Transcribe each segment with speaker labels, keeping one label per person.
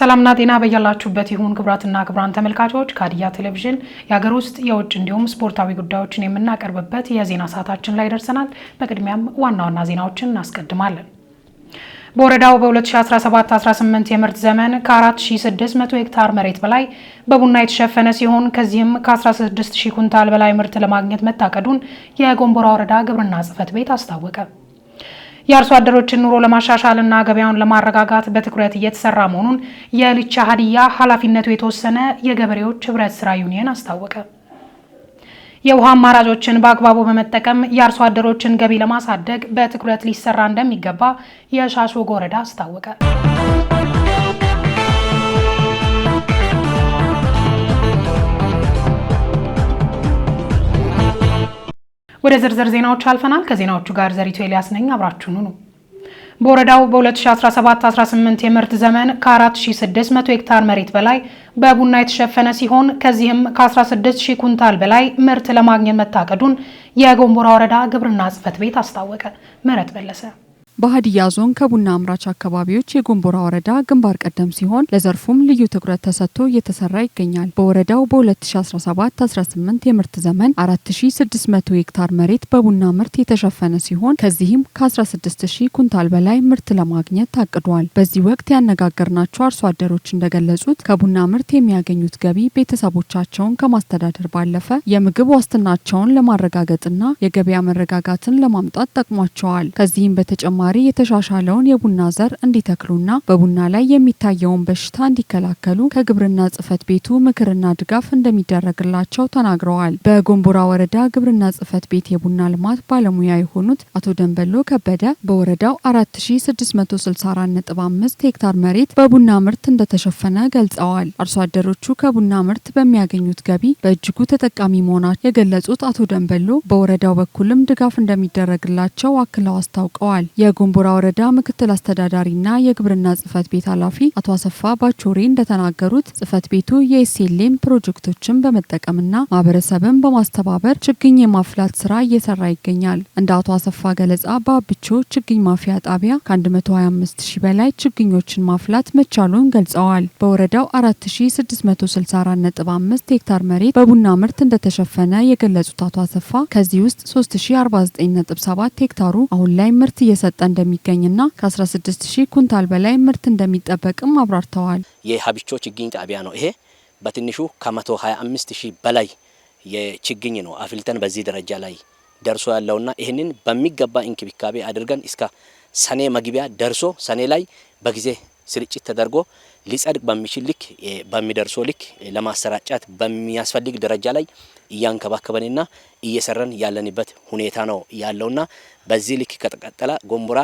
Speaker 1: ሰላምና ጤና በያላችሁበት ይሁን ክቡራትና ክቡራን ተመልካቾች፣ ሀዲያ ቴሌቪዥን የሀገር ውስጥ የውጭ እንዲሁም ስፖርታዊ ጉዳዮችን የምናቀርብበት የዜና ሰዓታችን ላይ ደርሰናል። በቅድሚያም ዋና ዋና ዜናዎችን እናስቀድማለን። በወረዳው በ2017/18 የምርት ዘመን ከ4600 ሄክታር መሬት በላይ በቡና የተሸፈነ ሲሆን ከዚህም ከ16000 ኩንታል በላይ ምርት ለማግኘት መታቀዱን የጎንቦራ ወረዳ ግብርና ጽሕፈት ቤት አስታወቀ። የአርሶ አደሮችን ኑሮ ለማሻሻልና ገበያውን ለማረጋጋት በትኩረት እየተሰራ መሆኑን የልቻ ሀዲያ ኃላፊነቱ የተወሰነ የገበሬዎች ህብረት ስራ ዩኒየን አስታወቀ። የውሃ አማራጮችን በአግባቡ በመጠቀም የአርሶ አደሮችን ገቢ ለማሳደግ በትኩረት ሊሰራ እንደሚገባ የሻሾጎ ወረዳ አስታወቀ። ወደ ዝርዝር ዜናዎች አልፈናል። ከዜናዎቹ ጋር ዘሪቱ ኤልያስ ነኝ። አብራችሁኑ ነው። በወረዳው በ2017-18 የምርት ዘመን ከ4600 ሄክታር መሬት በላይ በቡና የተሸፈነ ሲሆን ከዚህም ከ16000 ኩንታል በላይ ምርት ለማግኘት መታቀዱን የጎንቦራ ወረዳ ግብርና ጽሕፈት ቤት አስታወቀ። ምረት በለሰ
Speaker 2: በሀዲያ ዞን ከቡና አምራች አካባቢዎች የጎንቦራ ወረዳ ግንባር ቀደም ሲሆን ለዘርፉም ልዩ ትኩረት ተሰጥቶ እየተሰራ ይገኛል። በወረዳው በ2017/18 የምርት ዘመን 4600 ሄክታር መሬት በቡና ምርት የተሸፈነ ሲሆን ከዚህም ከ16000 ኩንታል በላይ ምርት ለማግኘት ታቅዷል። በዚህ ወቅት ያነጋገርናቸው አርሶ አደሮች እንደገለጹት ከቡና ምርት የሚያገኙት ገቢ ቤተሰቦቻቸውን ከማስተዳደር ባለፈ የምግብ ዋስትናቸውን ለማረጋገጥና የገበያ መረጋጋትን ለማምጣት ጠቅሟቸዋል። ከዚህም በተጨማሪ በተጨማሪ የተሻሻለውን የቡና ዘር እንዲተክሉና በቡና ላይ የሚታየውን በሽታ እንዲከላከሉ ከግብርና ጽህፈት ቤቱ ምክርና ድጋፍ እንደሚደረግላቸው ተናግረዋል። በጎንቦራ ወረዳ ግብርና ጽህፈት ቤት የቡና ልማት ባለሙያ የሆኑት አቶ ደንበሎ ከበደ በወረዳው 4664.5 ሄክታር መሬት በቡና ምርት እንደተሸፈነ ገልጸዋል። አርሶ አደሮቹ ከቡና ምርት በሚያገኙት ገቢ በእጅጉ ተጠቃሚ መሆናቸው የገለጹት አቶ ደንበሎ በወረዳው በኩልም ድጋፍ እንደሚደረግላቸው አክለው አስታውቀዋል። የጎንቦራ ወረዳ ምክትል አስተዳዳሪና የግብርና ጽህፈት ቤት ኃላፊ አቶ አሰፋ ባቾሬ እንደተናገሩት ጽህፈት ቤቱ የኤስኤልኤም ፕሮጀክቶችን በመጠቀምና ማህበረሰብን በማስተባበር ችግኝ የማፍላት ስራ እየሰራ ይገኛል። እንደ አቶ አሰፋ ገለጻ በአብቾ ችግኝ ማፍያ ጣቢያ ከ125 ሺ በላይ ችግኞችን ማፍላት መቻሉን ገልጸዋል። በወረዳው 4664.5 ሄክታር መሬት በቡና ምርት እንደተሸፈነ የገለጹት አቶ አሰፋ ከዚህ ውስጥ 3049.7 ሄክታሩ አሁን ላይ ምርት እየሰጠ እየተሰጠ እንደሚገኝና ከ16 ሺህ ኩንታል በላይ ምርት እንደሚጠበቅም አብራርተዋል።
Speaker 3: የሀብቾ ችግኝ ጣቢያ ነው ይሄ በትንሹ ከ125 ሺህ በላይ የችግኝ ነው አፍልተን በዚህ ደረጃ ላይ ደርሶ ያለውና ይህንን በሚገባ እንክብካቤ አድርገን እስከ ሰኔ መግቢያ ደርሶ ሰኔ ላይ በጊዜ ስርጭት ተደርጎ ሊጸድቅ በሚችል ልክ በሚደርሶ ልክ ለማሰራጫት በሚያስፈልግ ደረጃ ላይ እያንከባከበንና እየሰራን ያለንበት ሁኔታ ነው ያለውና በዚህ ልክ ከተቀጠለ ጎንቦራ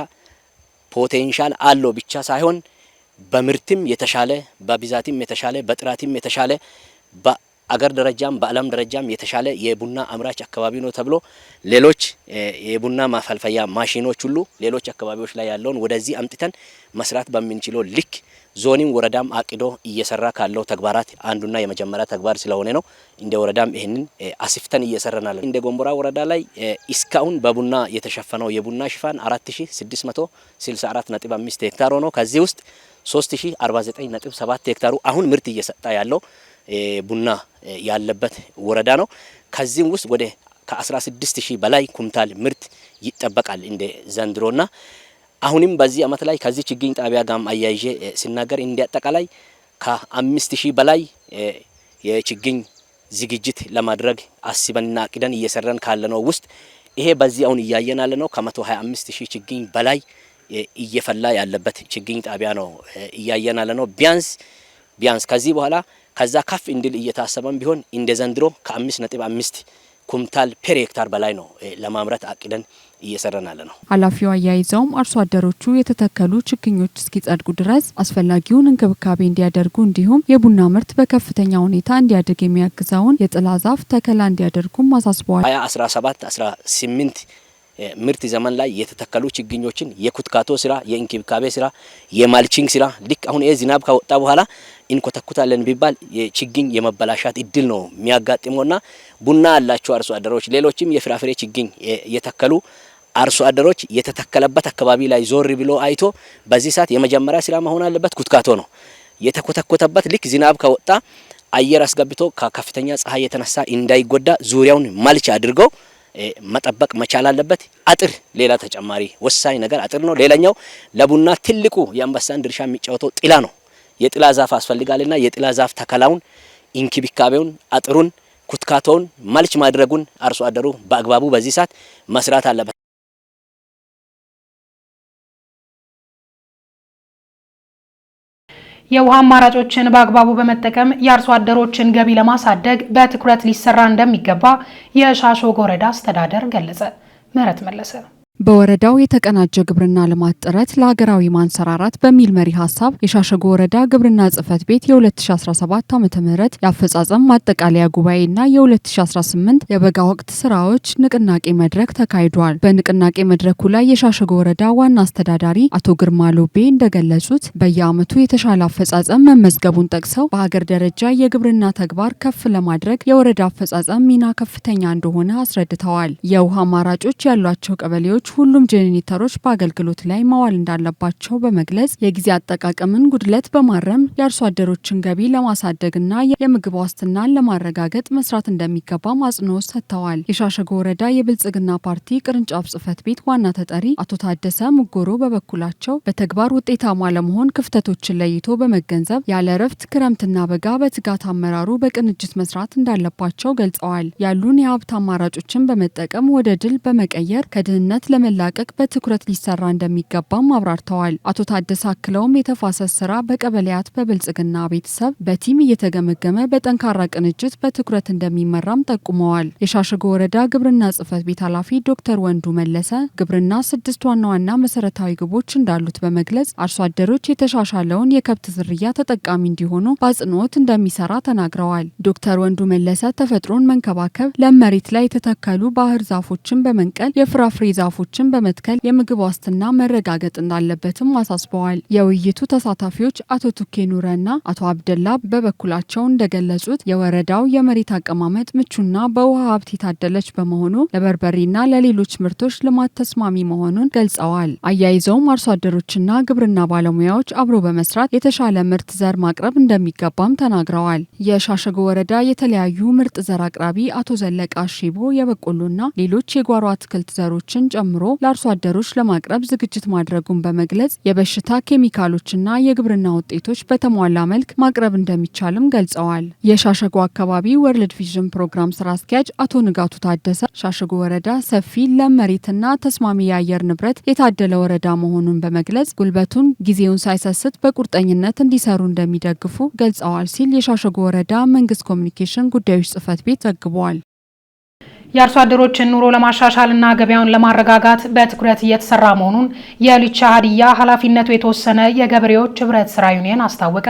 Speaker 3: ፖቴንሻል አለው ብቻ ሳይሆን በምርትም የተሻለ በብዛትም የተሻለ በጥራትም የተሻለ አገር ደረጃም በዓለም ደረጃም የተሻለ የቡና አምራች አካባቢ ነው ተብሎ ሌሎች የቡና ማፈልፈያ ማሽኖች ሁሉ ሌሎች አካባቢዎች ላይ ያለውን ወደዚህ አምጥተን መስራት በምንችለው ልክ ዞንም ወረዳም አቅዶ እየሰራ ካለው ተግባራት አንዱና የመጀመሪያ ተግባር ስለሆነ ነው። እንደ ወረዳም ይህንን አስፍተን እየሰራናል። እንደ ጎንቦራ ወረዳ ላይ እስካሁን በቡና የተሸፈነው የቡና ሽፋን 4664.5 ሄክታር ሆኖ ከዚህ ውስጥ 3049.7 ሄክታሩ አሁን ምርት እየሰጠ ያለው ቡና ያለበት ወረዳ ነው። ከዚህም ውስጥ ወደ ከ16 ሺህ በላይ ኩንታል ምርት ይጠበቃል እንደ ዘንድሮና አሁንም በዚህ አመት ላይ ከዚህ ችግኝ ጣቢያ ጋር አያይዤ ሲናገር እንደ አጠቃላይ ከአምስት ሺህ በላይ የችግኝ ዝግጅት ለማድረግ አስበንና አቅደን እየሰራን ካለነው ውስጥ ይሄ በዚህ አሁን እያየን ያለነው ከ125 ሺህ ችግኝ በላይ እየፈላ ያለበት ችግኝ ጣቢያ ነው እያየን ያለነው ቢያንስ ቢያንስ ከዚህ በኋላ ከዛ ከፍ እንድል እየታሰበም ቢሆን እንደ ዘንድሮ ከአምስት ነጥብ አምስት ኩምታል ፔር ሄክታር በላይ ነው ለማምረት አቅደን እየሰራናለ ነው።
Speaker 2: ኃላፊው አያይዘውም አርሶ አደሮቹ የተተከሉ ችግኞች እስኪጸድቁ ድረስ አስፈላጊውን እንክብካቤ እንዲያደርጉ እንዲሁም የቡና ምርት በከፍተኛ ሁኔታ እንዲያድግ የሚያግዘውን የጥላ ዛፍ ተከላ እንዲያደርጉም አሳስበዋል።
Speaker 3: 2017 ምርት ዘመን ላይ የተተከሉ ችግኞችን የኩትካቶ ስራ፣ የእንክብካቤ ስራ፣ የማልቺንግ ስራ ልክ አሁን ይሄ ዝናብ ከወጣ በኋላ እንኮተኩታለን ቢባል የችግኝ የመበላሻት እድል ነው የሚያጋጥመውና ቡና ያላቸው አርሶ አደሮች፣ ሌሎችም የፍራፍሬ ችግኝ የተከሉ አርሶ አደሮች የተተከለበት አካባቢ ላይ ዞር ብሎ አይቶ በዚህ ሰዓት የመጀመሪያ ስራ መሆን አለበት ኩትካቶ ነው። የተኮተኮተበት ልክ ዝናብ ከወጣ አየር አስገብቶ ከከፍተኛ ፀሐይ የተነሳ እንዳይጎዳ ዙሪያውን ማልች አድርገው መጠበቅ መቻል አለበት። አጥር ሌላ ተጨማሪ ወሳኝ ነገር አጥር ነው። ሌላኛው ለቡና ትልቁ የአንበሳን ድርሻ የሚጫወተው ጥላ ነው። የጥላ ዛፍ አስፈልጋልና የጥላ ዛፍ ተከላውን፣ እንክብካቤውን፣ አጥሩን፣ ኩትካቶውን፣ ማልች ማድረጉን አርሶ አደሩ በአግባቡ በዚህ ሰዓት መስራት አለበት።
Speaker 4: የውሃ አማራጮችን በአግባቡ በመጠቀም የአርሶ
Speaker 1: አደሮችን ገቢ ለማሳደግ በትኩረት ሊሰራ እንደሚገባ የሻሾ ወረዳ አስተዳደር ገለጸ። ምህረት መለሰ
Speaker 2: በወረዳው የተቀናጀ ግብርና ልማት ጥረት ለሀገራዊ ማንሰራራት በሚል መሪ ሀሳብ የሻሸጎ ወረዳ ግብርና ጽሕፈት ቤት የ2017 ዓ ም የአፈጻጸም ማጠቃለያ ጉባኤና የ2018 የበጋ ወቅት ስራዎች ንቅናቄ መድረክ ተካሂዷል። በንቅናቄ መድረኩ ላይ የሻሸጎ ወረዳ ዋና አስተዳዳሪ አቶ ግርማ ሎቤ እንደገለጹት በየአመቱ የተሻለ አፈጻጸም መመዝገቡን ጠቅሰው በሀገር ደረጃ የግብርና ተግባር ከፍ ለማድረግ የወረዳ አፈጻጸም ሚና ከፍተኛ እንደሆነ አስረድተዋል። የውሃ አማራጮች ያሏቸው ቀበሌዎች ሰዎች ሁሉም ጄኔሬተሮች በአገልግሎት ላይ መዋል እንዳለባቸው በመግለጽ የጊዜ አጠቃቀምን ጉድለት በማረም የአርሶ አደሮችን ገቢ ለማሳደግና የምግብ ዋስትናን ለማረጋገጥ መስራት እንደሚገባም አጽንኦት ሰጥተዋል። የሻሸጎ ወረዳ የብልጽግና ፓርቲ ቅርንጫፍ ጽህፈት ቤት ዋና ተጠሪ አቶ ታደሰ ሙጎሮ በበኩላቸው በተግባር ውጤታማ ለመሆን ክፍተቶችን ለይቶ በመገንዘብ ያለ እረፍት ክረምትና በጋ በትጋት አመራሩ በቅንጅት መስራት እንዳለባቸው ገልጸዋል። ያሉን የሀብት አማራጮችን በመጠቀም ወደ ድል በመቀየር ከድህነት ለመላቀቅ በትኩረት ሊሰራ እንደሚገባም አብራርተዋል። አቶ ታደሰ አክለውም የተፋሰስ ስራ በቀበሌያት በብልጽግና ቤተሰብ በቲም እየተገመገመ በጠንካራ ቅንጅት በትኩረት እንደሚመራም ጠቁመዋል። የሻሸጎ ወረዳ ግብርና ጽህፈት ቤት ኃላፊ ዶክተር ወንዱ መለሰ ግብርና ስድስት ዋና ዋና መሰረታዊ ግቦች እንዳሉት በመግለጽ አርሶ አደሮች የተሻሻለውን የከብት ዝርያ ተጠቃሚ እንዲሆኑ በአጽንኦት እንደሚሰራ ተናግረዋል። ዶክተር ወንዱ መለሰ ተፈጥሮን መንከባከብ፣ ለም መሬት ላይ የተተከሉ ባህር ዛፎችን በመንቀል የፍራፍሬ ዛፎች ዛፎችን በመትከል የምግብ ዋስትና መረጋገጥ እንዳለበትም አሳስበዋል። የውይይቱ ተሳታፊዎች አቶ ቱኬ ኑረና አቶ አብደላ በበኩላቸው እንደገለጹት የወረዳው የመሬት አቀማመጥ ምቹና በውሃ ሀብት የታደለች በመሆኑ ለበርበሬና ለሌሎች ምርቶች ልማት ተስማሚ መሆኑን ገልጸዋል። አያይዘውም አርሶ አደሮችና ግብርና ባለሙያዎች አብሮ በመስራት የተሻለ ምርት ዘር ማቅረብ እንደሚገባም ተናግረዋል። የሻሸጎ ወረዳ የተለያዩ ምርጥ ዘር አቅራቢ አቶ ዘለቃ አሺቦ የበቆሎና ሌሎች የጓሮ አትክልት ዘሮችን ጨምሮ ጨምሮ ለአርሶ አደሮች ለማቅረብ ዝግጅት ማድረጉን በመግለጽ የበሽታ ኬሚካሎችና የግብርና ውጤቶች በተሟላ መልክ ማቅረብ እንደሚቻልም ገልጸዋል። የሻሸጎ አካባቢ ወርልድ ቪዥን ፕሮግራም ስራ አስኪያጅ አቶ ንጋቱ ታደሰ ሻሸጎ ወረዳ ሰፊ ለም መሬትና ተስማሚ የአየር ንብረት የታደለ ወረዳ መሆኑን በመግለጽ ጉልበቱን ጊዜውን ሳይሰስት በቁርጠኝነት እንዲሰሩ እንደሚደግፉ ገልጸዋል ሲል የሻሸጎ ወረዳ መንግስት ኮሚኒኬሽን ጉዳዮች ጽህፈት ቤት ዘግቧል።
Speaker 1: የአርሶ አደሮችን ኑሮ ለማሻሻልና ገበያውን ለማረጋጋት በትኩረት እየተሰራ መሆኑን የልቻ ሀዲያ ኃላፊነቱ የተወሰነ የገበሬዎች ህብረት ስራ ዩኒየን አስታወቀ።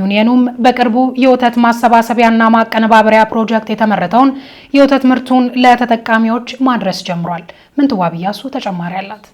Speaker 1: ዩኒየኑም በቅርቡ የወተት ማሰባሰቢያና ማቀነባበሪያ ፕሮጀክት የተመረተውን የወተት ምርቱን ለተጠቃሚዎች ማድረስ ጀምሯል። ምንትዋብ እያሱ ተጨማሪ አላት።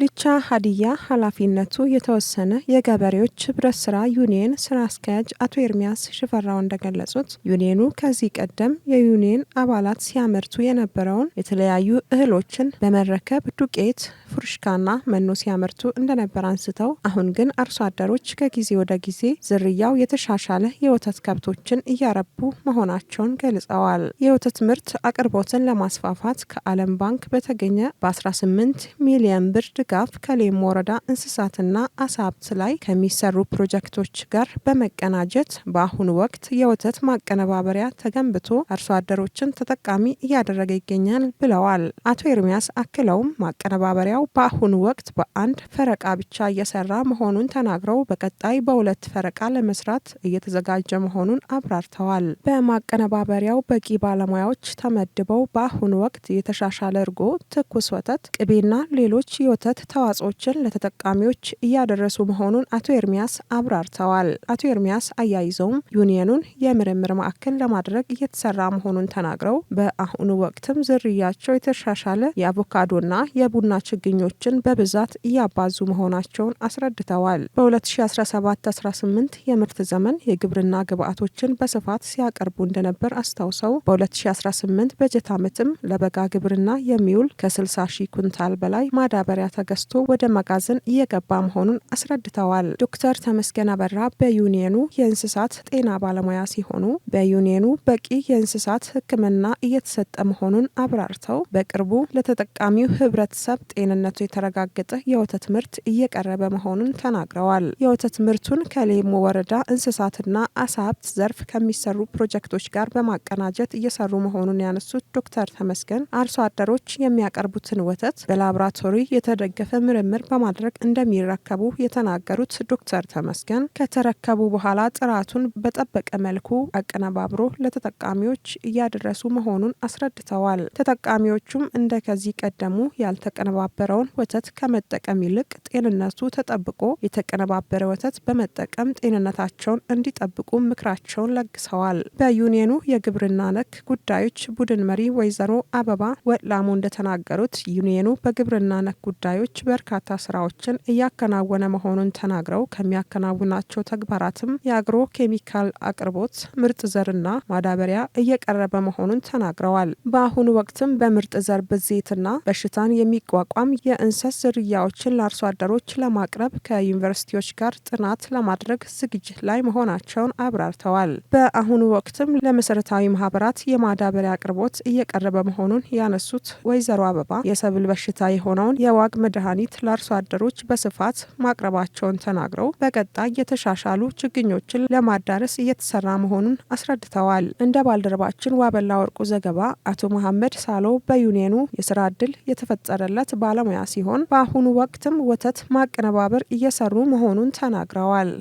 Speaker 5: ሊቻ ሀዲያ ኃላፊነቱ የተወሰነ የገበሬዎች ህብረት ስራ ዩኒየን ስራ አስኪያጅ አቶ ኤርሚያስ ሽፈራው እንደገለጹት ዩኒየኑ ከዚህ ቀደም የዩኒየን አባላት ሲያመርቱ የነበረውን የተለያዩ እህሎችን በመረከብ ዱቄት፣ ፉርሽካና መኖ ሲያመርቱ እንደነበር አንስተው አሁን ግን አርሶ አደሮች ከጊዜ ወደ ጊዜ ዝርያው የተሻሻለ የወተት ከብቶችን እያረቡ መሆናቸውን ገልጸዋል። የወተት ምርት አቅርቦትን ለማስፋፋት ከዓለም ባንክ በተገኘ በ18 ሚሊየን ብር ድጋፍ ከሌም ወረዳ እንስሳትና አሳ ሀብት ላይ ከሚሰሩ ፕሮጀክቶች ጋር በመቀናጀት በአሁኑ ወቅት የወተት ማቀነባበሪያ ተገንብቶ አርሶ አደሮችን ተጠቃሚ እያደረገ ይገኛል ብለዋል። አቶ ኤርሚያስ አክለውም ማቀነባበሪያው በአሁኑ ወቅት በአንድ ፈረቃ ብቻ እየሰራ መሆኑን ተናግረው በቀጣይ በሁለት ፈረቃ ለመስራት እየተዘጋጀ መሆኑን አብራርተዋል። በማቀነባበሪያው በቂ ባለሙያዎች ተመድበው በአሁኑ ወቅት የተሻሻለ እርጎ፣ ትኩስ ወተት፣ ቅቤና ሌሎች የወተት የወተት ተዋጽኦችን ለተጠቃሚዎች እያደረሱ መሆኑን አቶ ኤርሚያስ አብራርተዋል። አቶ ኤርሚያስ አያይዘውም ዩኒየኑን የምርምር ማዕከል ለማድረግ እየተሰራ መሆኑን ተናግረው በአሁኑ ወቅትም ዝርያቸው የተሻሻለ የአቮካዶና የቡና ችግኞችን በብዛት እያባዙ መሆናቸውን አስረድተዋል። በ2017/18 የምርት ዘመን የግብርና ግብዓቶችን በስፋት ሲያቀርቡ እንደነበር አስታውሰው በ2018 በጀት ዓመትም ለበጋ ግብርና የሚውል ከ60 ሺህ ኩንታል በላይ ማዳበሪያ ተገ ገዝቶ ወደ መጋዘን እየገባ መሆኑን አስረድተዋል። ዶክተር ተመስገን አበራ በዩኒየኑ የእንስሳት ጤና ባለሙያ ሲሆኑ በዩኒየኑ በቂ የእንስሳት ሕክምና እየተሰጠ መሆኑን አብራርተው በቅርቡ ለተጠቃሚው ህብረተሰብ ጤንነቱ የተረጋገጠ የወተት ምርት እየቀረበ መሆኑን ተናግረዋል። የወተት ምርቱን ከሌሞ ወረዳ እንስሳትና አሳ ሀብት ዘርፍ ከሚሰሩ ፕሮጀክቶች ጋር በማቀናጀት እየሰሩ መሆኑን ያነሱት ዶክተር ተመስገን አርሶ አደሮች የሚያቀርቡትን ወተት በላቦራቶሪ የተደ የተደገፈ ምርምር በማድረግ እንደሚረከቡ የተናገሩት ዶክተር ተመስገን ከተረከቡ በኋላ ጥራቱን በጠበቀ መልኩ አቀነባብሮ ለተጠቃሚዎች እያደረሱ መሆኑን አስረድተዋል። ተጠቃሚዎቹም እንደ ከዚህ ቀደሙ ያልተቀነባበረውን ወተት ከመጠቀም ይልቅ ጤንነቱ ተጠብቆ የተቀነባበረ ወተት በመጠቀም ጤንነታቸውን እንዲጠብቁ ምክራቸውን ለግሰዋል። በዩኒየኑ የግብርና ነክ ጉዳዮች ቡድን መሪ ወይዘሮ አበባ ወላሙ እንደተናገሩት ዩኒየኑ በግብርና ነክ ጉዳዮች ተወካዮች በርካታ ስራዎችን እያከናወነ መሆኑን ተናግረው ከሚያከናውናቸው ተግባራትም የአግሮ ኬሚካል አቅርቦት፣ ምርጥ ዘርና ማዳበሪያ እየቀረበ መሆኑን ተናግረዋል። በአሁኑ ወቅትም በምርጥ ዘር ብዜትና በሽታን የሚቋቋም የእንሰት ዝርያዎችን ለአርሶ አደሮች ለማቅረብ ከዩኒቨርሲቲዎች ጋር ጥናት ለማድረግ ዝግጅት ላይ መሆናቸውን አብራርተዋል። በአሁኑ ወቅትም ለመሰረታዊ ማህበራት የማዳበሪያ አቅርቦት እየቀረበ መሆኑን ያነሱት ወይዘሮ አበባ የሰብል በሽታ የሆነውን የዋግ መድኃኒት ለአርሶ አደሮች በስፋት ማቅረባቸውን ተናግረው በቀጣይ የተሻሻሉ ችግኞችን ለማዳረስ እየተሰራ መሆኑን አስረድተዋል። እንደ ባልደረባችን ዋበላ ወርቁ ዘገባ አቶ መሐመድ ሳሎ በዩኔኑ የስራ እድል የተፈጠረለት ባለሙያ ሲሆን በአሁኑ ወቅትም ወተት ማቀነባበር እየሰሩ መሆኑን ተናግረዋል።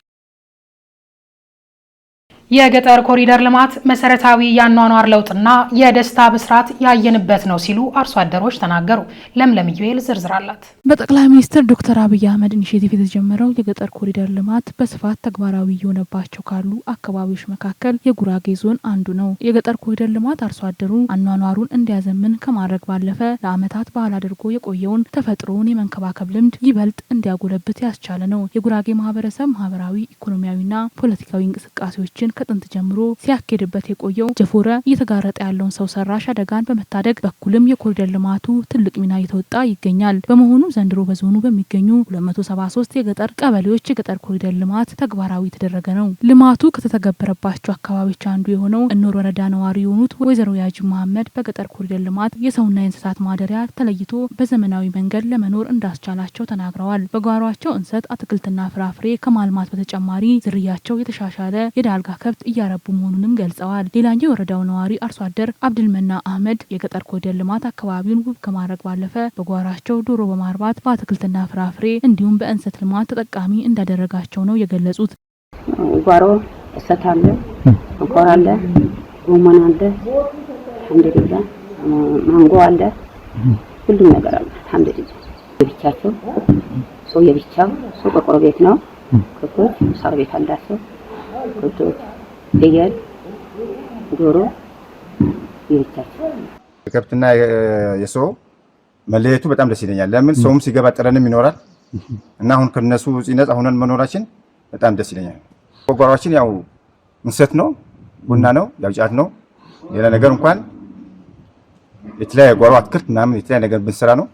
Speaker 1: የገጠር ኮሪደር ልማት መሰረታዊ የአኗኗር ለውጥና የደስታ ብስራት ያየንበት ነው ሲሉ አርሶ አደሮች ተናገሩ። ለምለም ዩኤል ዝርዝር አላት።
Speaker 4: በጠቅላይ ሚኒስትር ዶክተር አብይ አህመድ ኢኒሽቲቭ የተጀመረው የገጠር ኮሪደር ልማት በስፋት ተግባራዊ እየሆነባቸው ካሉ አካባቢዎች መካከል የጉራጌ ዞን አንዱ ነው። የገጠር ኮሪደር ልማት አርሶ አደሩ አኗኗሩን እንዲያዘምን ከማድረግ ባለፈ ለዓመታት ባህል አድርጎ የቆየውን ተፈጥሮውን የመንከባከብ ልምድ ይበልጥ እንዲያጎለብት ያስቻለ ነው። የጉራጌ ማህበረሰብ ማህበራዊ ኢኮኖሚያዊና ፖለቲካዊ እንቅስቃሴዎችን ከጥንት ጀምሮ ሲያካሄድበት የቆየው ጀፎረ እየተጋረጠ ያለውን ሰው ሰራሽ አደጋን በመታደግ በኩልም የኮሪደር ልማቱ ትልቅ ሚና እየተወጣ ይገኛል። በመሆኑ ዘንድሮ በዞኑ በሚገኙ 273 የገጠር ቀበሌዎች የገጠር ኮሪደር ልማት ተግባራዊ የተደረገ ነው። ልማቱ ከተተገበረባቸው አካባቢዎች አንዱ የሆነው እኖር ወረዳ ነዋሪ የሆኑት ወይዘሮ ያጅ መሐመድ በገጠር ኮሪደር ልማት የሰውና የእንስሳት ማደሪያ ተለይቶ በዘመናዊ መንገድ ለመኖር እንዳስቻላቸው ተናግረዋል። በጓሯቸው እንሰት፣ አትክልትና ፍራፍሬ ከማልማት በተጨማሪ ዝርያቸው የተሻሻለ የዳልጋ ከብት እያረቡ መሆኑንም ገልጸዋል። ሌላኛው የወረዳው ነዋሪ አርሶ አደር አብድልመና አህመድ የገጠር ኮሪደር ልማት አካባቢውን ውብ ከማድረግ ባለፈ በጓሯቸው ዶሮ በማርባት በአትክልትና ፍራፍሬ እንዲሁም በእንሰት ልማት ተጠቃሚ እንዳደረጋቸው ነው የገለጹት። ጓሮ እሰት አለ፣
Speaker 5: አንኮራ አለ፣ ጎመን አለ፣ አልሐምዱሊላ ማንጎ አለ፣ ሁሉም ነገር አለ። አልሐምዱሊላ የብቻቸው ሰው የብቻው ሰው ቆርቆሮ ቤት ነው። ከብቶች ሳር ቤት አላቸው። ከብቶች ፍየል፣
Speaker 6: ዶሮ ይብቻቸው የከብትና የሰው መለየቱ በጣም ደስ ይለኛል። ለምን ሰውም ሲገባ ጥረንም ይኖራል እና አሁን ከነሱ ነፃ ሆነን መኖራችን በጣም ደስ ይለኛል። ጓሯችን ያው እንሰት ነው፣ ቡና ነው፣ ያው ጫት ነው። ሌላ ነገር እንኳን የተለያየ ጓሮ አትክልት ምናምን የተለያየ ነገር ብንሰራ ነው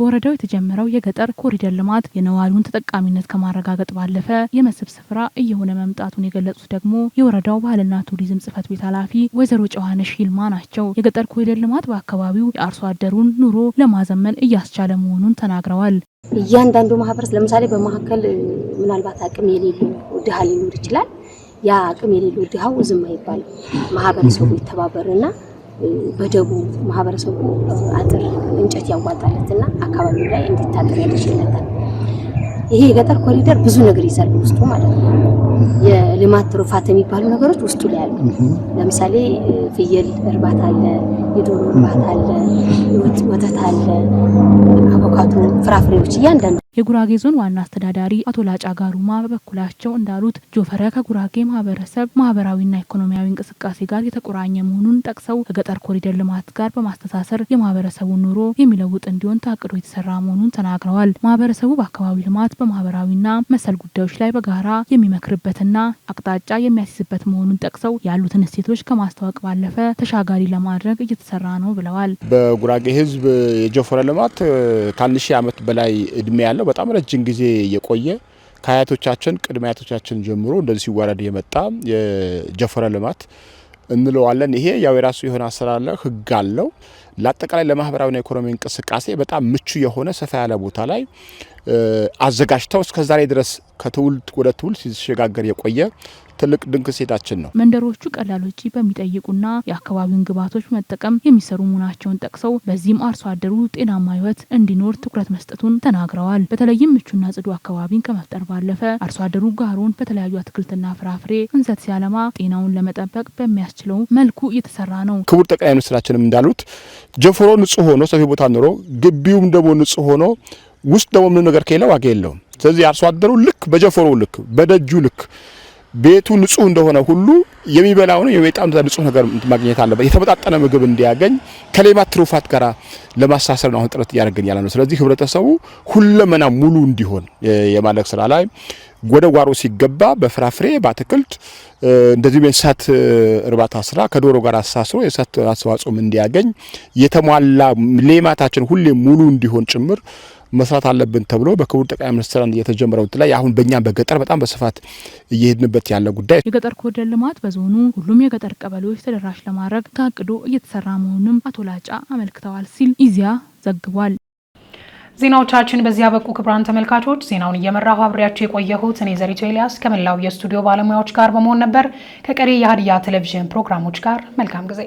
Speaker 4: በወረዳው የተጀመረው የገጠር ኮሪደር ልማት የነዋሪውን ተጠቃሚነት ከማረጋገጥ ባለፈ የመስህብ ስፍራ እየሆነ መምጣቱን የገለጹት ደግሞ የወረዳው ባህልና ቱሪዝም ጽህፈት ቤት ኃላፊ ወይዘሮ ጨዋነሽ ሂልማ ናቸው። የገጠር ኮሪደር ልማት በአካባቢው የአርሶ አደሩን ኑሮ ለማዘመን እያስቻለ መሆኑን ተናግረዋል። እያንዳንዱ
Speaker 5: ማህበረሰብ ለምሳሌ በመካከል ምናልባት አቅም የሌለው ድሃ ሊኖር ይችላል። ያ አቅም የሌለው ድሃው ዝም አይባልም። ማህበረሰቡ ይተባበርና በደቡ ማህበረሰቡ አጥር እንጨት ያዋጣለትና አካባቢ ላይ እንዲታጠር ያደርግለታል። ይሄ የገጠር ኮሪደር ብዙ ነገር ይዛል በውስጡ ማለት ነው። የልማት ትሩፋት የሚባሉ ነገሮች ውስጡ ላይ አሉ። ለምሳሌ ፍየል እርባታ አለ፣ የዶሮ እርባታ አለ፣
Speaker 4: ወተት አለ፣ አቮካዶ፣ ፍራፍሬዎች እያንዳንዱ የጉራጌ ዞን ዋና አስተዳዳሪ አቶ ላጫ ጋሩማ በበኩላቸው እንዳሉት ጆፈረ ከጉራጌ ማህበረሰብ ማህበራዊና ኢኮኖሚያዊ እንቅስቃሴ ጋር የተቆራኘ መሆኑን ጠቅሰው ከገጠር ኮሪደር ልማት ጋር በማስተሳሰር የማህበረሰቡን ኑሮ የሚለውጥ እንዲሆን ታቅዶ የተሰራ መሆኑን ተናግረዋል። ማህበረሰቡ በአካባቢ ልማት በማህበራዊና መሰል ጉዳዮች ላይ በጋራ የሚመክርበትና አቅጣጫ የሚያስይዝበት መሆኑን ጠቅሰው ያሉትን እሴቶች ከማስተዋወቅ ባለፈ ተሻጋሪ ለማድረግ እየተሰራ ነው ብለዋል።
Speaker 6: በጉራጌ ህዝብ የጆፈረ ልማት ከአንድ ሺህ ዓመት በላይ እድሜ ያለ ያለው በጣም ረጅም ጊዜ የቆየ ከአያቶቻችን ቅድመ አያቶቻችን ጀምሮ እንደዚህ ሲወረድ የመጣ የጀፈረ ልማት እንለዋለን። ይሄ ያው የራሱ የሆነ አሰራለ ህግ አለው። ለአጠቃላይ ለማህበራዊና ኢኮኖሚ እንቅስቃሴ በጣም ምቹ የሆነ ሰፋ ያለ ቦታ ላይ አዘጋጅተው እስከዛሬ ድረስ ከትውልድ ወደ ትውልድ ሲሸጋገር የቆየ ትልቅ ድንቅ ሴታችን ነው።
Speaker 4: መንደሮቹ ቀላል ወጪ በሚጠይቁና የአካባቢውን ግብዓቶች መጠቀም የሚሰሩ መሆናቸውን ጠቅሰው በዚህም አርሶ አደሩ ጤናማ ህይወት እንዲኖር ትኩረት መስጠቱን ተናግረዋል። በተለይም ምቹና ጽዱ አካባቢን ከመፍጠር ባለፈ አርሶ አደሩ ጋሮን በተለያዩ አትክልትና ፍራፍሬ እንሰት ሲያለማ ጤናውን ለመጠበቅ በሚያስችለው መልኩ እየተሰራ ነው።
Speaker 6: ክቡር ጠቅላይ ሚኒስትራችንም እንዳሉት ጀፎሮ ንጹህ ሆኖ ሰፊ ቦታ ኖሮ ግቢውም ደግሞ ንጹህ ሆኖ ውስጥ ደግሞ ምንም ነገር ከሌለ ዋጋ የለውም። ስለዚህ አርሶ አደሩ ልክ በጀፎሮ ልክ በደጁ ልክ ቤቱ ንጹህ እንደሆነ ሁሉ የሚበላው ነው የሚጣም ንጹህ ነገር ማግኘት አለበት። የተመጣጠነ ምግብ እንዲያገኝ ከሌማት ትሩፋት ጋር ለማሳሰር ነው አሁን ጥረት እያደረግን ያለ ነው። ስለዚህ ህብረተሰቡ ሁለመና ሙሉ እንዲሆን የማድረግ ስራ ላይ ወደ ጓሮ ሲገባ በፍራፍሬ በአትክልት እንደዚሁም የእንስሳት እርባታ ስራ ከዶሮ ጋር አሳስሮ የእንስሳት አስተዋጽኦም እንዲያገኝ የተሟላ ሌማታችን ሁሌ ሙሉ እንዲሆን ጭምር መስራት አለብን ተብሎ በክቡር ጠቅላይ ሚኒስትር የተጀመረው ላይ አሁን በእኛም በገጠር በጣም በስፋት እየሄድንበት ያለ ጉዳይ
Speaker 4: የገጠር ኮሪደር ልማት በዞኑ ሁሉም የገጠር ቀበሌዎች ተደራሽ ለማድረግ ታቅዶ እየተሰራ መሆኑንም አቶ ላጫ አመልክተዋል ሲል ኢዜአ ዘግቧል።
Speaker 1: ዜናዎቻችን በዚህ በቁ ክቡራን ተመልካቾች ዜናውን እየመራሁ አብሬያቸው የቆየሁት እኔ ዘሪቶ ኤልያስ ከመላው የስቱዲዮ ባለሙያዎች ጋር በመሆን ነበር። ከቀሪ የሀዲያ ቴሌቪዥን ፕሮግራሞች ጋር መልካም ጊዜ